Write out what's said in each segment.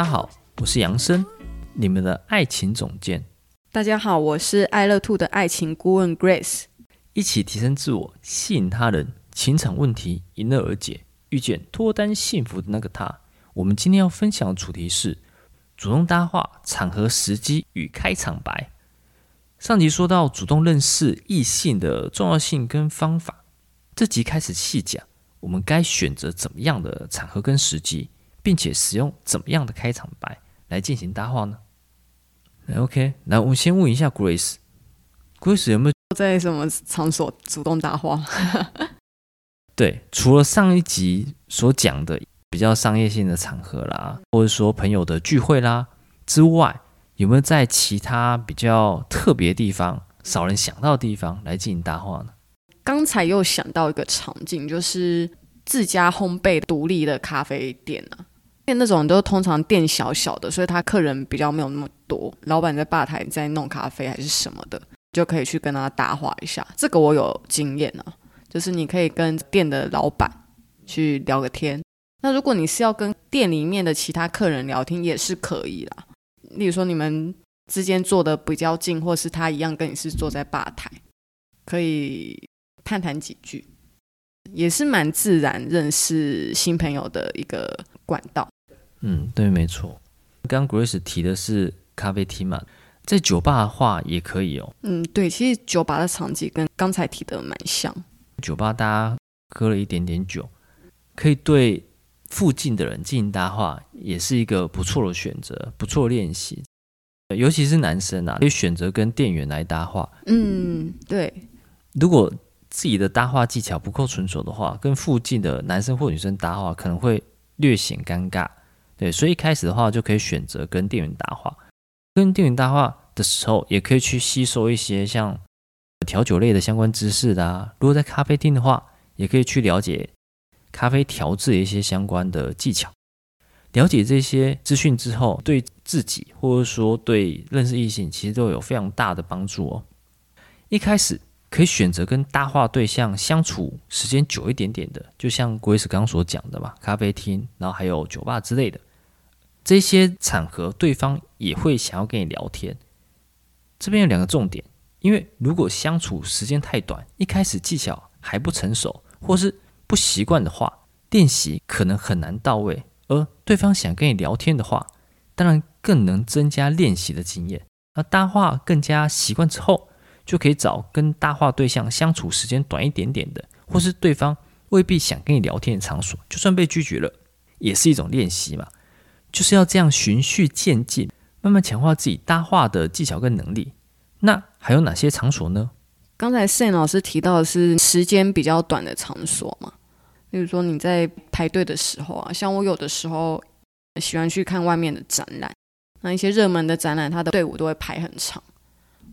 大家好，我是楊生，你們的愛情總監。大家好，我是愛樂 Two 的愛情顧問 Grace。一起提升自我，吸引他人，情場問題迎刃而解，遇見脫單幸福的那個他。我們今天要分享的主題是主動搭話、場合時機與開場白。上集說到主動認識異性的重要性跟方法，這集開始細講，我們該選擇怎麼樣的場合跟時機。並且使用怎麼樣的開場白來進行搭話呢？OK，那我們先問一下 Grace，Grace 有沒有在什麼場所主動搭話？ 對，除了上一集所講的比較商業性的場合啦，或者說朋友的聚會啦之外，有沒有在其他比較特別地方，少人想到的地方來進行搭話呢？剛才又想到一個場景，就是自家烘焙獨立的咖啡店啊。那種都通常店小小的，所以他客人比較沒有那麼多。老闆在吧台在弄咖啡還是什麼的，就可以去跟他搭話一下。這個我有經驗啊，就是你可以跟店的老闆去聊個天。那如果你是要跟店裡面的其他客人聊天，也是可以啦。例如說你們之間坐得比較近，或是他一樣跟你是坐在吧台，可以探談幾句，也是蠻自然認識新朋友的一個管道。嗯，對，沒錯。剛 Grace 提的是咖啡廳嘛，在酒吧的話也可以哦。嗯，對，其實酒吧的場景跟剛才提的蠻像。酒吧大家喝了一點點酒，可以對附近的人進行搭話，也是一個不錯的選擇，不錯的練習。尤其是男生啊，可以選擇跟店員來搭話。嗯，對嗯。如果自己的搭話技巧不夠純熟的話，跟附近的男生或女生搭話可能會略顯尷尬。對，所以一開始的話就可以選擇跟店員搭話，跟店員搭話的時候，也可以去吸收一些像調酒類的相關知識的啊。如果在咖啡廳的話，也可以去了解咖啡調制一些相關的技巧。了解這些資訊之後，對自己或者說對認識異性，其實都有非常大的幫助哦。一開始可以選擇跟搭話對象相處時間久一點點的，就像 Grace 剛剛所講的嘛，咖啡廳，然後還有酒吧之類的。這些場合，對方也會想要跟你聊天。這邊有兩個重點，因為如果相處時間太短，一開始技巧還不成熟，或是不習慣的話，練習可能很難到位。而對方想跟你聊天的話，當然更能增加練習的經驗。那搭話更加習慣之後，就可以找跟搭話對象相處時間短一點點的，或是對方未必想跟你聊天的場所，就算被拒絕了，也是一種練習嘛。就是要這樣循序漸進，慢慢強化自己搭話的技巧跟能力。那還有哪些場所呢？剛才 Sam 老師提到的是時間比較短的場所嘛，例如說你在排隊的時候啊，像我有的時候喜歡去看外面的展覽，那一些熱門的展覽，它的隊伍都會排很長。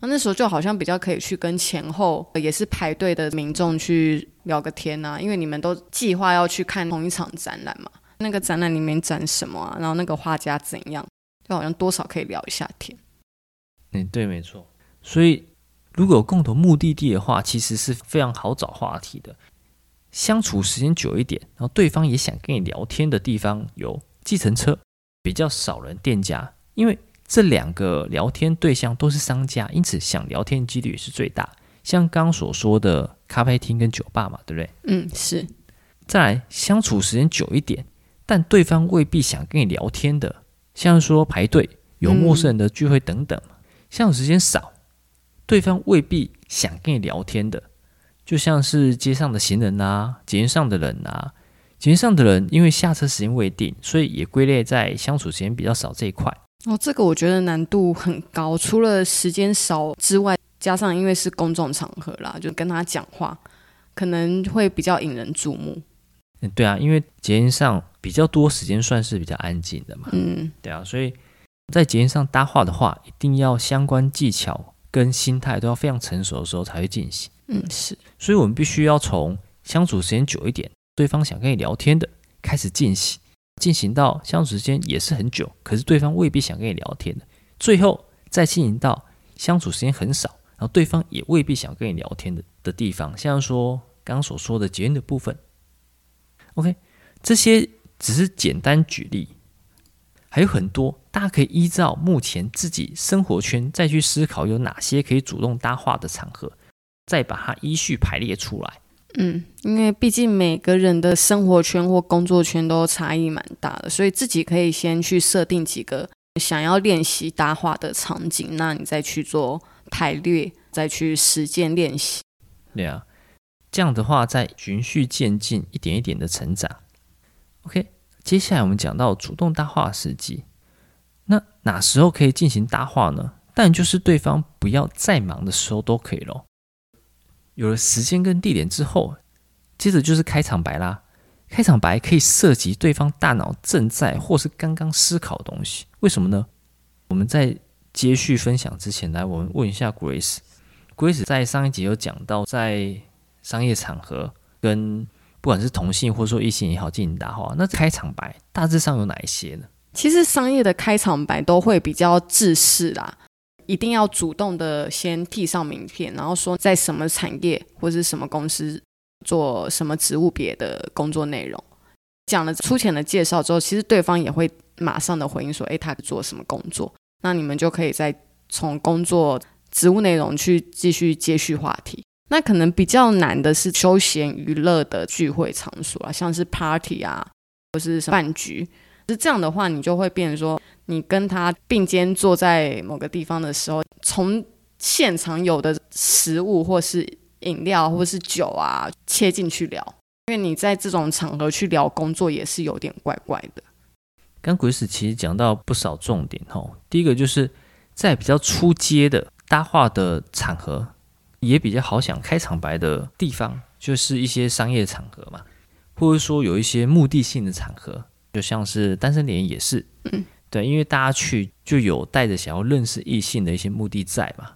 那那時候就好像比較可以去跟前後也是排隊的民眾去聊個天啊，因為你們都計劃要去看同一場展覽嘛。那個展覽裡面展什麼啊？然後那個畫家怎樣？就好像多少可以聊一下天。嗯、欸，對，沒錯。所以如果有共同目的地的話，其實是非常好找話題的。相處時間久一點，然後對方也想跟你聊天的地方，有計程車比較少人店家，因為這兩個聊天對象都是商家，因此想聊天幾率也是最大。像剛剛所說的咖啡廳跟酒吧嘛，對不對？嗯，是。再來相處時間久一點。但對方未必想跟你聊天的，像是說排隊、有陌生人的聚會等等，相處、嗯、時間少，對方未必想跟你聊天的，就像是街上的行人啊，街上的人啊，街上的人因為下車時間未定，所以也歸類在相處時間比較少這一塊。哦，這個我覺得難度很高，除了時間少之外，加上因為是公眾場合啦，就跟他講話，可能會比較引人注目。嗯，對啊，因為捷運上比較多時間算是比較安靜的嘛，嗯，對啊，所以在捷運上搭話的話，一定要相關技巧跟心態都要非常成熟的時候才會進行，嗯，是，所以我們必須要從相處時間久一點，對方想跟你聊天的開始進行，進行到相處時間也是很久，可是對方未必想跟你聊天的，最後再進行到相處時間很少，然後對方也未必想跟你聊天的的地方，像說剛剛所說的捷運的部分。OK，這些只是簡單舉例，還有很多，大家可以依照目前自己生活圈再去思考有哪些可以主動搭話的場合，再把它依序排列出來。嗯，因為畢竟每個人的生活圈或工作圈都差異蠻大的，所以自己可以先去設定幾個想要練習搭話的場景，那你再去做排列，再去實踐練習。對啊。這樣的話，再循序漸進，一點一點的成長。OK，接下來我們講到主動搭話的時機。那哪時候可以進行搭話呢？當然就是對方不要再忙的時候都可以咯。有了時間跟地點之後，接着就是開場白啦。開場白可以涉及對方大腦正在或是剛剛思考的東西。為什麼呢？我們在接續分享之前，來我們問一下 Grace。Grace 在上一集有講到在，在商業場合跟不管是同性或者說異性也好進行搭話，那開場白大致上有哪一些呢？其實商業的開場白都會比較制式啦，一定要主動的先遞上名片，然後說在什麼產業或是什麼公司做什麼職務別的工作內容。講了粗淺的介紹之後，其實對方也會馬上的回應說：“哎，他做什麼工作？”那你們就可以再從工作職務內容去繼續接續話題。那可能比較難的是休閒娛樂的聚會場所啊，像是 party 啊，或是飯局。是這樣的話，你就會變成說，你跟他並肩坐在某個地方的時候，從現場有的食物或是飲料或是酒啊切進去聊，因為你在這種場合去聊工作也是有點怪怪的。剛 Grace 其實講到不少重點哦，第一個就是在比較初階的，嗯、搭話的場合，也比較好想開場白的地方，就是一些商業場合嘛，或者說有一些目的性的場合，就像是單身聯誼也是，嗯、對，因為大家去就有帶着想要認識異性的一些目的在嘛。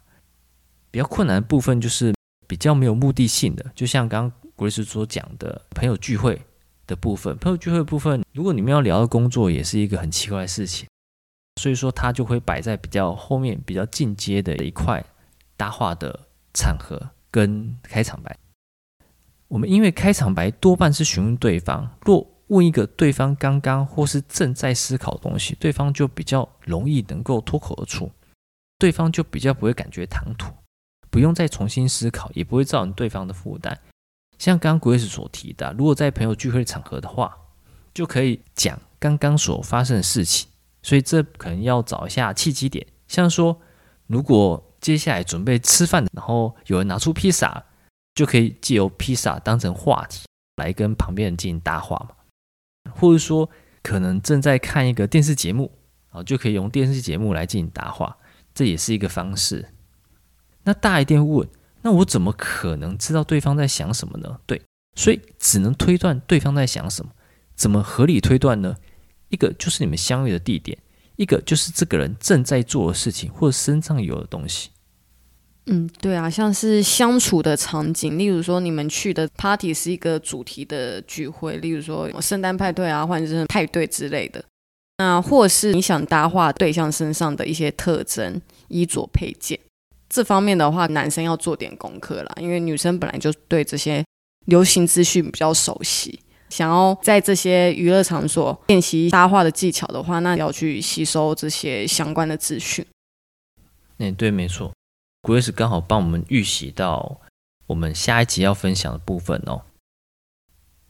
比較困難的部分就是比較沒有目的性的，就像剛剛 Grace 所講的朋友聚會的部分，朋友聚會的部分，如果你們要聊的工作，也是一個很奇怪的事情，所以說它就會擺在比較後面，比較進階的一塊搭話的場合跟開場白，我們因為開場白多半是詢問對方，若問一個對方剛剛或是正在思考的東西，對方就比較容易能夠脫口而出，對方就比較不會感覺唐突，不用再重新思考，也不會造成對方的負擔。像剛剛 Grace 所提的，如果在朋友聚會場合的話，就可以講剛剛所發生的事情，所以這可能要找一下契機點，像說如果。接下來準備吃飯，然後有人拿出披薩，就可以借由披薩當成話題來跟旁邊人進行搭話嘛，或者說可能正在看一個電視節目，啊，就可以用電視節目來進行搭話，這也是一個方式。那大一點問，那我怎麼可能知道對方在想什麼呢？對，所以只能推斷對方在想什麼，怎麼合理推斷呢？一個就是你們相遇的地點。一個就是這個人正在做的事情，或者身上有的東西。嗯，對啊，像是相處的場景，例如說你們去的 party 是一個主題的聚會，例如說聖誕派對啊，或者是派對之類的。那或者是你想搭話對象身上的一些特徵、衣着配件，這方面的話，男生要做點功課啦，因為女生本來就對這些流行資訊比較熟悉。想要在這些娛樂場所練習搭話的技巧的話，那要去吸收這些相關的資訊。那、欸、對，沒錯，Grace 剛好幫我們預習到我們下一集要分享的部分哦。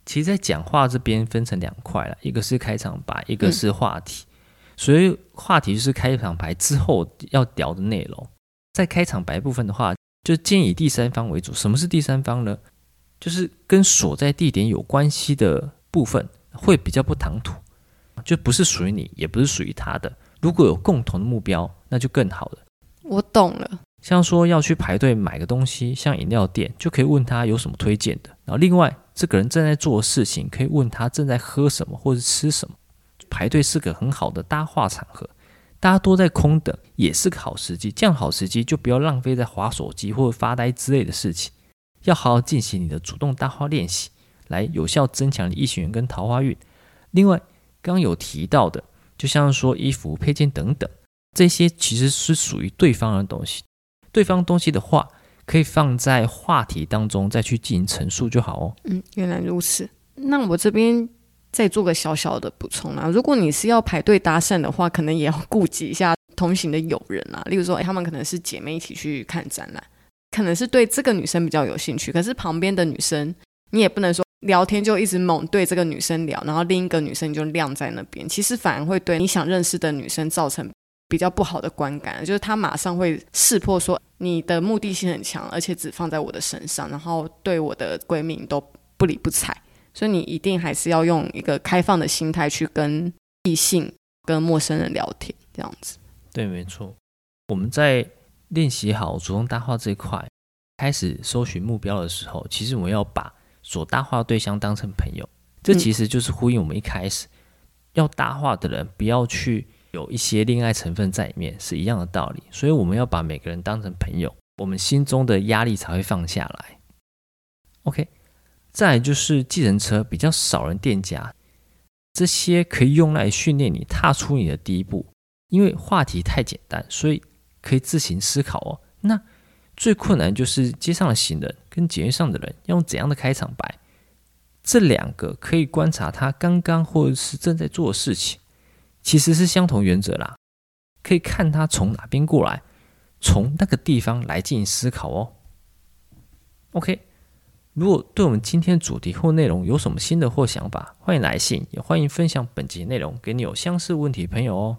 其實，在講話這邊分成兩塊了，一個是開場白，一個是話題。嗯、所以，話題就是開場白之後要聊的內容。在開場白部分的話，就建議第三方為主。什麼是第三方呢？就是跟所在地點有關係的部分會比較不唐突，就不是屬於你，也不是屬於他的。如果有共同的目標，那就更好了。我懂了。像說要去排隊買個東西，像飲料店就可以問他有什麼推薦的。然後另外，這個人正在做的事情，可以問他正在喝什麼或者吃什麼。排隊是個很好的搭話場合，大家都在空等，也是個好時機。這樣好時機就不要浪費在滑手機或者發呆之類的事情。要好好進行你的主動搭話練習，來有效增強你異性緣跟桃花運。另外，剛有提到的，就像說衣服、配件等等，這些其實是屬於對方的東西。對方東西的話，可以放在話題當中再去進行陳述就好哦。嗯，原來如此。那我這邊再做個小小的補充啦。如果你是要排隊搭訕的話，可能也要顧及一下同行的友人啦。例如說，欸，他們可能是姐妹一起去看展覽。可能是對這個女生比較有興趣，可是旁邊的女生，你也不能說聊天就一直猛對這個女生聊，然後另一個女生就晾在那邊，其實反而會對你想認識的女生造成比較不好的觀感，就是她馬上會識破說你的目的性很強，而且只放在我的身上，然後對我的閨蜜都不理不睬，所以你一定還是要用一個開放的心態去跟異性、跟陌生人聊天，這樣子。對，沒錯，我們在。練習好主動搭話這一塊，開始搜尋目標的時候，其實我們要把所搭話的對象當成朋友，這其實就是呼應我們一開始、嗯、要搭話的人不要去有一些戀愛成分在裡面，是一樣的道理。所以我們要把每個人當成朋友，我們心中的壓力才會放下來。OK，再來就是計程車比較少人店家，這些可以用來訓練你踏出你的第一步，因為話題太簡單，所以。可以自行思考哦。那最困難就是街上的行人跟捷運上的人要用怎樣的開場白？這兩個可以觀察他剛剛或者是正在做的事情，其實是相同原則啦。可以看他從哪邊過來，從那個地方來進行思考哦。OK，如果對我們今天的主題或內容有什麼新的或想法，歡迎來信，也歡迎分享本集內容給你有相似問題的朋友哦。